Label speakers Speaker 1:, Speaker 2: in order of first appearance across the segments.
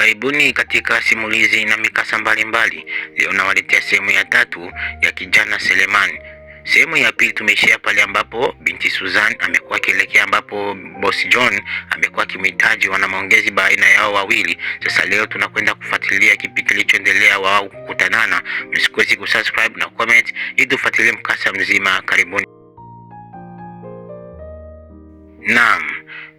Speaker 1: Karibuni katika simulizi na mikasa mbalimbali. Leo nawaletea sehemu ya tatu ya kijana Selemani. Sehemu ya pili tumeishia pale ambapo binti Suzan amekuwa akielekea ambapo boss John amekuwa akimhitaji, wana maongezi baina yao wawili. Sasa leo tunakwenda kufuatilia kipi kilichoendelea wao kukutanana. Msikose kusubscribe na comment ili tufuatilie mkasa mzima. Karibuni. Naam.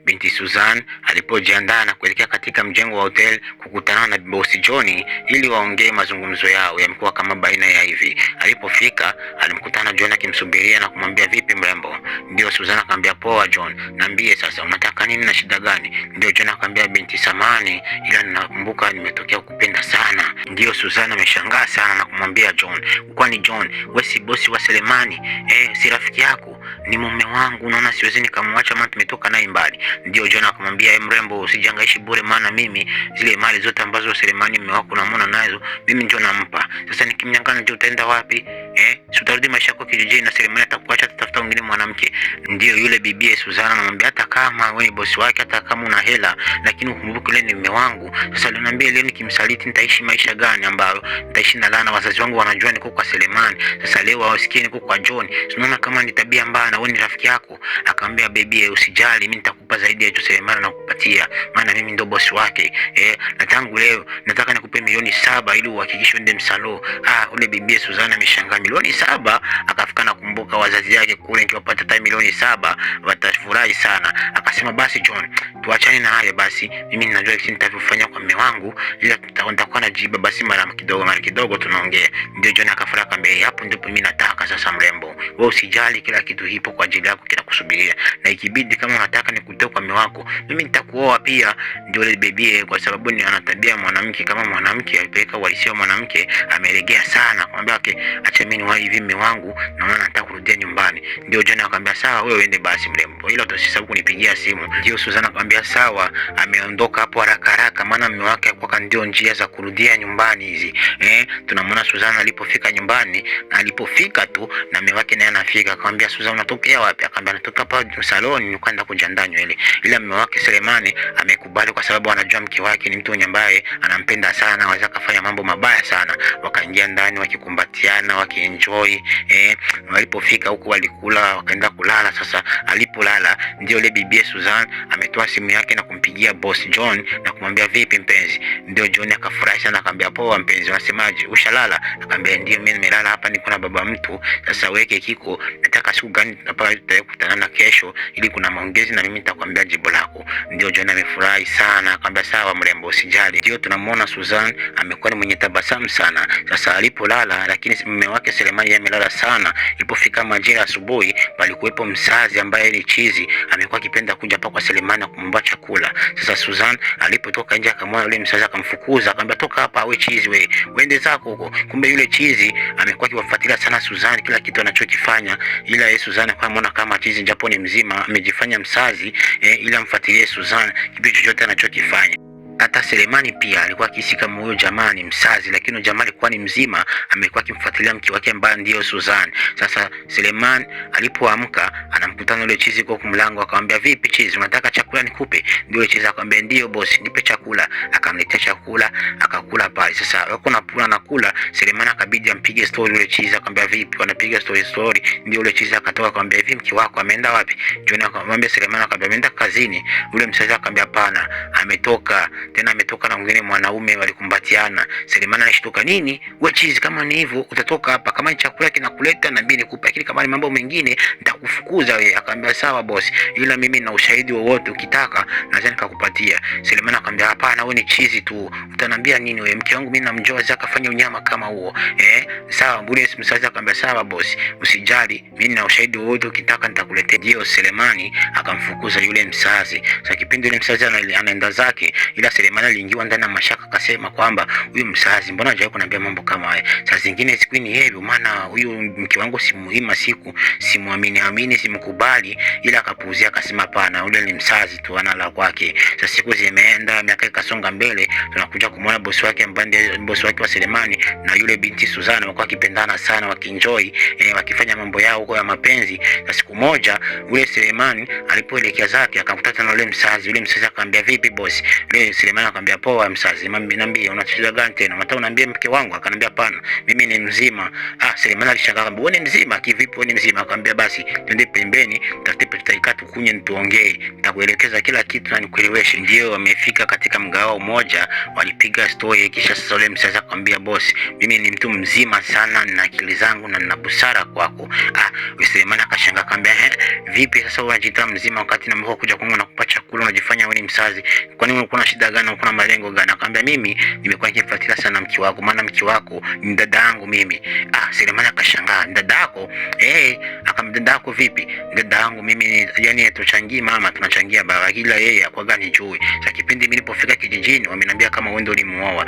Speaker 1: Binti Susan alipojiandaa na kuelekea katika mjengo wa hotel kukutana na bosi John ili waongee mazungumzo yao yamekuwa kama baina ya hivi. Alipofika alimkutana John akimsubiria na kumwambia vipi mrembo? Ndio Susan akamwambia poa John. Niambie sasa unataka nini na shida gani? Ndio John akamwambia binti, samani ila ninakumbuka nimetokea kukupenda sana. Ndio Susan ameshangaa sana na kumwambia John, kwani John wewe si bosi wa Selemani? Eh, si rafiki yako? ni mume wangu, naona siwezi nikamwacha, maana tumetoka naye mbali. Ndio John akamwambia, mrembo, usijangaishi bure, maana mimi zile mali zote ambazo Selemani mume wako namona nazo mimi ndio nampa. Sasa nikimnyang'anya, je, utaenda wapi? eh, tutarudi maisha yako kirejea, na Selemani atakuacha, atatafuta mwingine mwanamke. Ndio yule bibi Suzana anamwambia, hata kama wewe ni bosi wake, hata kama una hela, lakini ukumbuke leo ni mume wangu. Sasa aliniambia leo nikimsaliti nitaishi maisha gani ambayo nitaishi na laana? Wazazi wangu wanajua niko kwa Selemani, sasa leo wasikie niko kwa John. Unaona kama ni tabia mbaya, na wewe ni rafiki yako. Akamwambia, bibi, usijali mimi nitakuwa kukupa zaidi ya hicho Selemana nakupatia, maana mimi ndo bosi wake eh, na tangu leo nataka nikupe milioni saba ili uhakikishe uende msalo. Ah, ule bibi Suzana ameshangaa milioni saba, akafika na kumbuka wazazi yake kule, nikiwapata hata milioni saba watafurahi sana. Akasema basi John, tuachane na haya basi, mimi ninajua kile nitavyofanya kwa mume wangu, ila nitakuwa najiba basi mara kidogo mara kidogo, tunaongea. Ndio John akafurahi kambe hapo ndipo mimi nataka sasa, mrembo wewe, usijali, kila kitu hipo kwa ajili yako, kinakusubiria na ikibidi, kama unataka nikutoe kwa mume wako, mimi nitakuoa pia, ndio ile bebie, kwa sababu ni ana tabia mwanamke kama mwanamke, alipeleka uhalisia mwanamke, amelegea sana. kwambia okay, acha mimi niwahi hivi, mume wangu, naona nataka kurudia nyumbani. Ndio John akamwambia sawa, wewe uende basi mrembo, ila utasisahau kunipigia simu. Ndio Suzana akamwambia sawa, ameondoka hapo haraka haraka, maana mume wake kutoka ndio njia za kurudia nyumbani hizi eh. Tunamwona Suzana alipofika nyumbani na alipofika tu na mume wake naye anafika, akamwambia Suzana, unatokea wapi? Akamwambia natoka hapa saloni kwenda kujiandaa nywele, ila mume wake Selemani amekubali kwa sababu anajua mke wake ni mtu ambaye anampenda sana, anaweza kufanya mambo mabaya sana. Wakaingia ndani wakikumbatiana, wakienjoy eh. Walipofika huko walikula, wakaenda kulala. Sasa alipolala ndio ile bibi Suzana ametoa simu yake na kumpigia boss John na kumwambia vipi mpenzi ndio John akafurahi sana, akamwambia poa, mpenzi, wa unasemaje? Ushalala? Akamwambia ndio, mimi nimelala hapa, niko na baba mtu. Sasa weke kiko, nataka siku gani tutakutana kesho, ili kuna maongezi na mimi nitakwambia jibu lako. Ndio John amefurahi sana, akamwambia sawa mrembo, usijali. Ndio tunamwona Suzan amekuwa ni mwenye tabasamu sana. Sasa alipolala, lakini mume wake Selemani amelala sana. Ilipofika majira asubuhi, palikuwepo msazi ambaye ni chizi, amekuwa akipenda kuja hapa kwa Selemani kumwomba chakula. Sasa Suzan alipotoka nje akamwona yule msazi akamfukuza akamwambia, toka hapa we chizi, we uende zako huko. Kumbe yule chizi amekuwa akiwafuatilia sana Suzani, kila kitu anachokifanya, ila yeye Suzani maana kama chizi, japo ni mzima, amejifanya msazi eh, ila amfuatilie Suzani kitu chochote anachokifanya. Hata Selemani pia alikuwa akihisi kama huyo jamaa ni msazi, lakini jamaa alikuwa ni mzima, amekuwa akimfuatilia mke wake ambaye ndiyo Suzan. Sasa Selemani alipoamka anamkutana yule chizi kwa kumlango, akamwambia vipi chizi, unataka chakula nikupe? Ndio chizi akamwambia ndio bosi, nipe chakula chakula, akamletea chakula akakula pale. Sasa wako na pula na kula, Selemani akabidi ampige story yule chizi, akamwambia vipi, wanapiga story story. Ndio yule chizi akatoka akamwambia hivi, mke wako ameenda wapi? John akamwambia Selemani, akamwambia ameenda kazini. Yule msaidizi akamwambia hapana, ametoka tena, ametoka na mwingine mwanaume, walikumbatiana. Selemani alishtuka, nini wewe chizi, kama ni hivyo utatoka hapa, kama ni chakula kinakuleta na mimi nikupa, lakini kama ni mambo mengine nitakufukuza wewe. Akamwambia sawa boss, ila mimi na ushahidi wowote ukitaka naweza nikakupatia. Selemani akamwambia hapana, wewe ni chizi tu. Utaniambia nini wewe? Mke wangu mimi zaka fanya unyama kama huo eh? Sawa bure, msaza akamwambia sawa bosi, usijali, mimi na ushahidi wote, ukitaka nitakuletea. Ndio Selemani akamfukuza yule msazi. Sasa kipindi yule msazi anaenda zake, ila Selemani aliingiwa ndani na mashaka, akasema kwamba huyu msazi, mbona hajawahi kuniambia mambo kama haya? Saa zingine siku ni hivyo, maana huyu mke wangu simuhima siku simuamini amini simkubali, ila akapuuzia, akasema hapana, yule ni msazi tu, ana la kwake. Sasa siku zimeenda miaka kasonga mbele, tunakuja kumwona bosi wake Mbande, bosi wake wa Selemani na yule binti Suzana wamekuwa wakipendana sana, wakienjoy eh, wakifanya mambo yao huko ya mapenzi. Na siku moja yule Selemani alipoelekea zake akakutana na yule msazi. Yule msazi akamwambia vipi bosi? Yule Selemani akamwambia poa msazi, mimi niambie unacheza gani tena? Unataka uniambie mke wangu? Akanambia hapana, mimi ni mzima. Ah, Selemani alishangaa akamwambia wewe ni mzima? Kivipi wewe ni mzima? Akamwambia basi twende pembeni, tutafute tutaikatu kunye, nituongee, nitakuelekeza kila kitu na nikueleweshe. Ndio wamefika katika mgawa umoja walipiga story, kisha sasa yule msasa akamwambia bosi, mimi ni mtu mzima sana na akili zangu na nina busara kwako. Ah, Suleiman akashangaa akamwambia, eh, vipi sasa unajiita mzima wakati na mko kuja kwangu nakupa chakula unajifanya wewe ni msazi? Kwa nini unakuwa na shida gani? Unakuwa na malengo gani? Akamwambia, mimi nimekuwa nikifuatilia sana mke wako, maana mke wako ni dada yangu mimi. Ah, Suleiman akashangaa, dada yako? Eh, akamwambia, dada yako vipi? Dada yangu mimi, yani tuchangii mama, tunachangia baba, ila yeye akwaga ni juu. Sasa kipindi mimi Walipofika kijijini, wameniambia kama wewe ndio ulimuoa.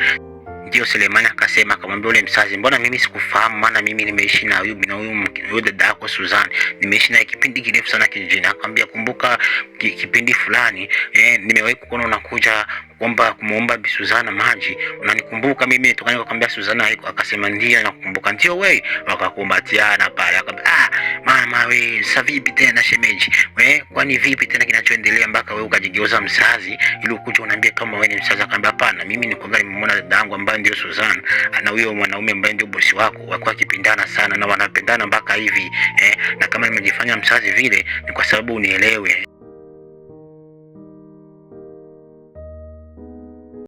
Speaker 1: Ndio Selemani akasema, akamwambia ule mzazi, mbona mimi sikufahamu? Maana mimi nimeishi na Ayubu na huyu dada yako Suzan, nimeishi naye kipindi kirefu sana kijijini. Akamwambia kumbuka, kipindi fulani eh, nimewahi kukuona unakuja kuomba kumuomba Bi Suzana maji, unanikumbuka mimi? Nitokana nikamwambia Suzana, haiko? akasema ndio nakukumbuka. Ndio wewe, wakakumbatiana pale, akamwambia ah we sa vipi tena shemeji we, kwani vipi tena kinachoendelea mpaka we ukajigeuza msazi ili ukuje unaambia kama we ni msazi? Akaambia hapana, mimi ni kwamba nimemuona dada yangu ambaye ndio Suzan ana huyo mwanaume ambaye ndio bosi wako, wako wakipindana sana na wanapendana mpaka hivi eh, na kama nimejifanya msazi vile ni kwa sababu unielewe.